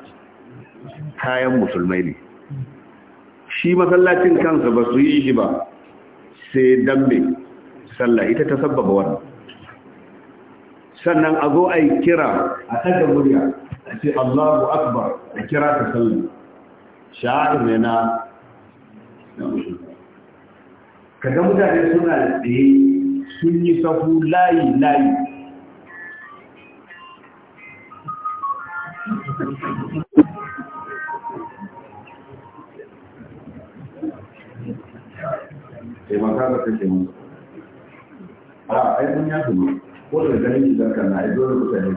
kayan musulmai ne shi masallacin kansa ba su yi shi ba sai dambe sallah ita ta sabbaba wannan sannan a zo a yi kira a kada murya a ce allahu akbar a kira ta sallah sha'ar ne na kada mutane suna tsaye sun yi safu layi layi sai ba ka mun a ai mun ya kuma ko da ganin shi zarkan na ai dole ku sai ne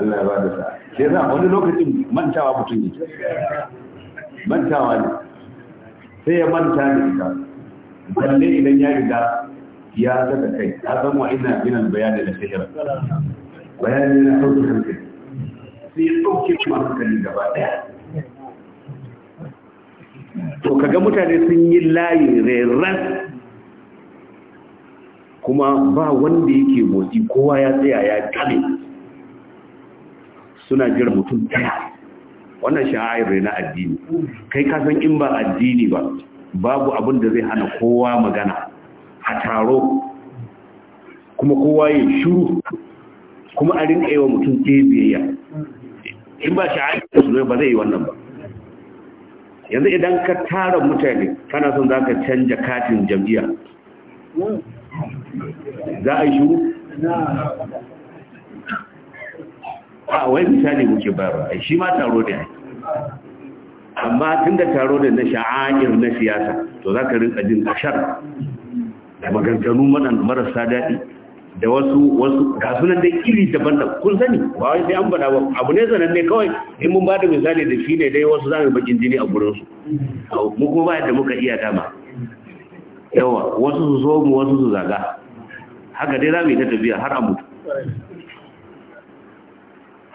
Allah ya ba da sa sai za wani lokacin mantawa mutum ne mantawa ne sai ya manta ne ka balle idan ya riga ya saka kai a san wa ina binan bayani da shahira bayani na sautin kai sai ya ɗauke kuma hankali gaba ɗaya to kaga mutane sun yi layi rairar kuma ba wanda yake motsi kowa ya tsaya ya kame suna jira mutum daya wannan sha'ayar na addini kai kasan in ba addini ba babu abin da zai hana kowa magana a taro kuma kowa ya shuru kuma a rinka yi wa mutum ɗaya biyayya in ba sha'ayar da ba zai yi wannan ba yanzu idan ka tara mutane kana son za ka canja katin jam'iyya za a yi a wai misali muke bayarwa a shi ma taro da ya amma tun da taro da na sha'a'ir na siyasa to za ka rinka jin kashar da maganganu marasa daɗi da wasu wasu ga sunan da iri daban-daban kun sani ba wai sai an bada ba abu ne sanan ne kawai in mun bada misali da shi ne dai wasu zamu bakin jini a gurin su mu kuma ba yadda muka iya dama yawa wasu su so mu wasu su zaga haka dai zamu yi ta tafiya har a mutu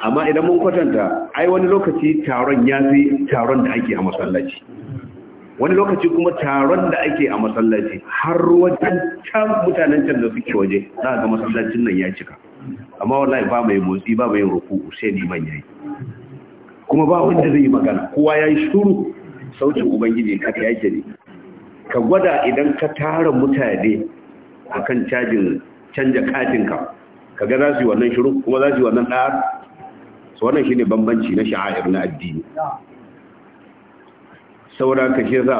amma idan mun kwatanta ai wani lokaci taron ya fi taron da ake a masallaci wani lokaci kuma taron da ake a masallaci har wajen can mutanen can da suke waje za ga masallacin nan ya cika amma wallahi ba mai motsi ba mai ruku sai ni liman yayi kuma ba wanda zai magana kowa yayi shiru sautin ubangiji ka yake ne ka gwada idan ka tara mutane akan cajin canja katinka ga za su yi wannan shiru kuma za su yi wannan ɗaya. su wannan shine bambanci na sha'air na addini saura ka shi za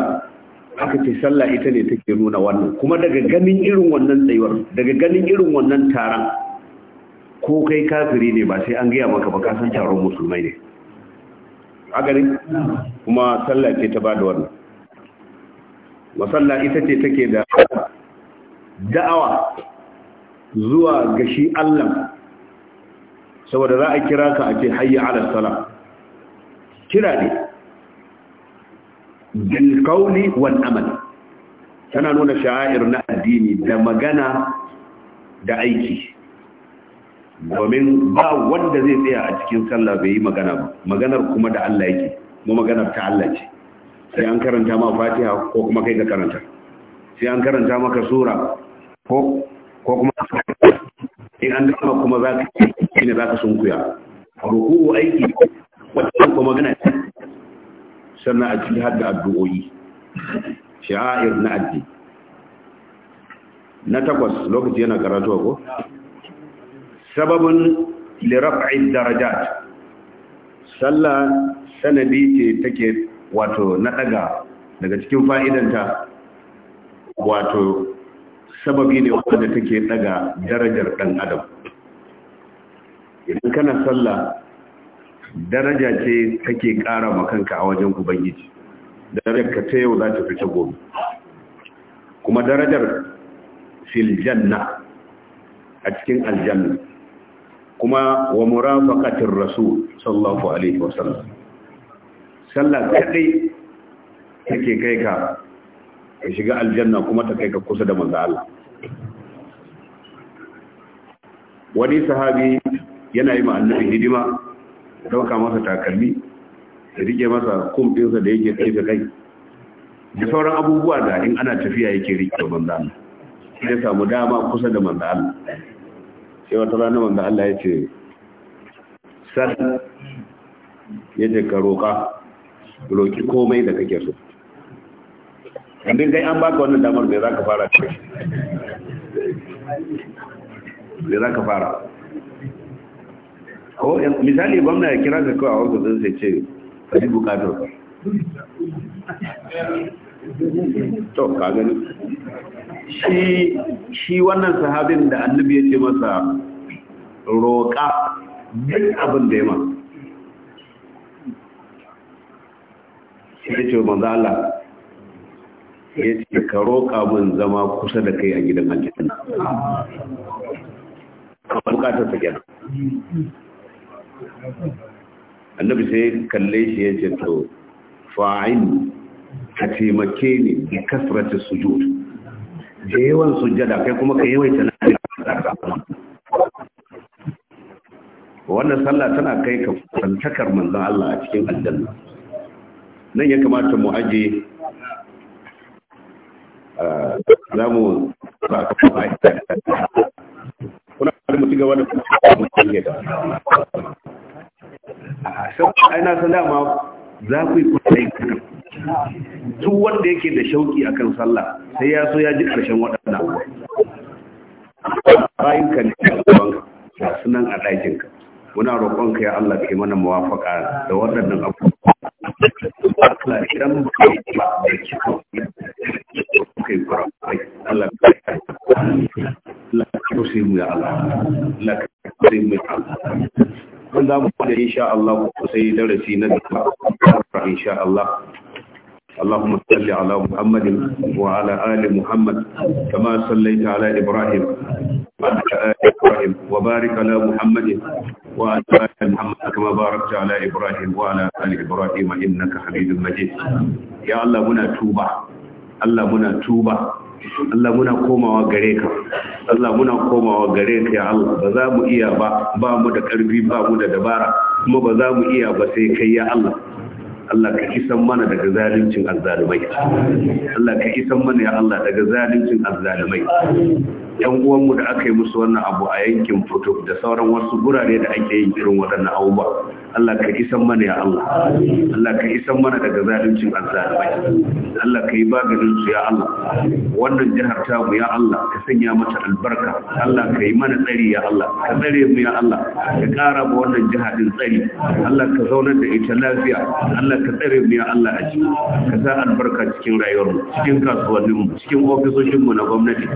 aka ce sallah ita ne take nuna wannan kuma daga ganin irin wannan tsayuwar daga ganin irin wannan taron ko kai kafiri ne ba sai an gaya maka ba kasan taron musulmai ne haka ne kuma sallah ce ta bada wannan masalla ita ce take da da'awa zuwa ga shi Allah saboda za a kira ka a ce hayya ala salam kira ne bil qawli wal amal tana nuna sha'ir na addini da magana da aiki domin ba wanda zai tsaya a cikin sallah bai yi magana ba maganar kuma da Allah yake kuma maganar ta Allah ce sai an karanta ma Fatiha ko kuma kai ka karanta sai an karanta maka sura ko ko kuma in an dama kuma za ka zaka za ka sunkuya ruku'u aiki wannan kuma magana sannan a ciki har da addu'o'i sha'air na addi na takwas lokaci yana karatu ko sababin liraf'id darajat sallah sanadi ce take wato na daga daga cikin fa'idanta wato sababi ne wanda take daga darajar dan adam idan kana sallah daraja ce take ƙara makanka a wajen ubangiji darajar ka ta yau za ta fita gobe kuma darajar fil janna a cikin aljanna kuma wa murafaqatir rasul sallallahu alaihi wasallam sallah kadai take kai ka ka shiga aljanna kuma ta kai ka kusa da manzo Allah wani sahabi yana yi ma annabi hidima ya ɗauka masa takalmi ya rike masa kumfinsa da yake kai kai da sauran abubuwa da in ana tafiya yake rike da manzo Allah sai samu dama kusa da manzo Allah sai wata rana manzo Allah ya ce sal ya ce ka roƙa roƙi komai da kake so kandin kai an baka wannan damar bai za ka fara ce bai za ka fara ko eh, misali gwamna na kira ka kawai a wanka zan sai ce ka bukatar ba to ka gani shi wannan sahabin da annabi ya ce masa roƙa duk abin da ya ma ya ce manzo Allah ya ce ka roƙa min zama kusa da kai a gidan aljanna bukatar ta kenan annabi sai kalle shi ya ce to fa'in ka taimake ni da kasratu sujud da yawan sujada kai kuma ka yawaita na wannan sallah tana kai ka fantakar manzon Allah a cikin aljanna nan ya kamata mu aje ah, za mu ba ka fara kuna da mutu ga wani mutum ya da a shauƙi dama za ku yi wanda yake da shauƙi akan sallah sai ya so ya ji ƙarshen waɗannan bayan ka ne a gabanka ga sunan a ɗakinka muna roƙonka ya Allah ke mana mawafaka da waɗannan abubuwa ba kun za mu da insha Allah sai darasi na gaba insha Allah اللهم صل على محمد وعلى آل محمد كما صليت على إبراهيم وعلى آل إبراهيم وبارك على محمد وعلى آل محمد كما باركت على إبراهيم وعلى آل إبراهيم إنك حميد مجيد يا الله منا توبة الله منا توبة Allah muna komawa gare ka Allah muna komawa gare ka ya Allah ba za mu iya ba ba mu da karfi ba mu da dabara kuma ba za mu iya ba sai kai ya Allah Allah ka kisan mana daga zaluncin azzalumai Allah ka kisan mana ya Allah daga zaluncin azzalumai yan uwanmu da aka yi musu wannan abu a yankin foto da sauran wasu gurare da ake yin irin waɗannan abubuwa Allah ka isan mana ya Allah Allah ka isan mana daga zaluncin azzalimai Allah ka yi maganin su ya Allah wannan jihar ta mu ya Allah ka sanya mata albarka Allah ka yi mana tsari ya Allah ka tsare mu ya Allah ka ƙara ba wannan jihar din tsari Allah ka zaunar da ita lafiya Allah ka tsare mu ya Allah a ciki ka sa albarka cikin rayuwar mu cikin kasuwannin mu cikin ofisoshin mu na gwamnati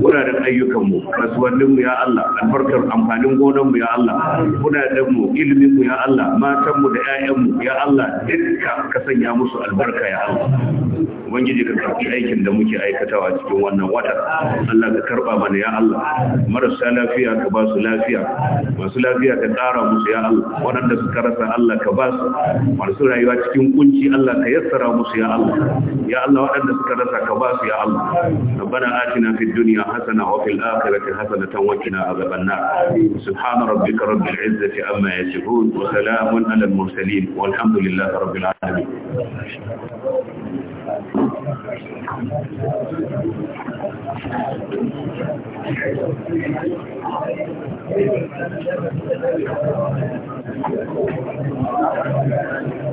wuraren ayyukanmu kasuwanninmu ya Allah albarkar amfanin gonanmu ya Allah kudadenmu iliminmu ya Allah matanmu da 'ya'yanmu ya Allah dukka ka sanya musu albarka ya Allah ubangiji ka karbi aikin da muke aikatawa cikin wannan wata Allah ka karba mana ya Allah marasa lafiya ka ba su lafiya masu lafiya ka ƙara musu ya Allah waɗanda suka rasa Allah ka ba su masu rayuwa cikin kunci Allah ka yassara musu ya Allah ya Allah waɗanda suka rasa ka ba su ya Allah ربنا آتنا في الدنيا حسنة وفي الآخرة حسنة وقنا عذاب النار سبحان ربك رب العزة عما يسهون وسلام على المرسلين والحمد لله رب العالمين Thank you.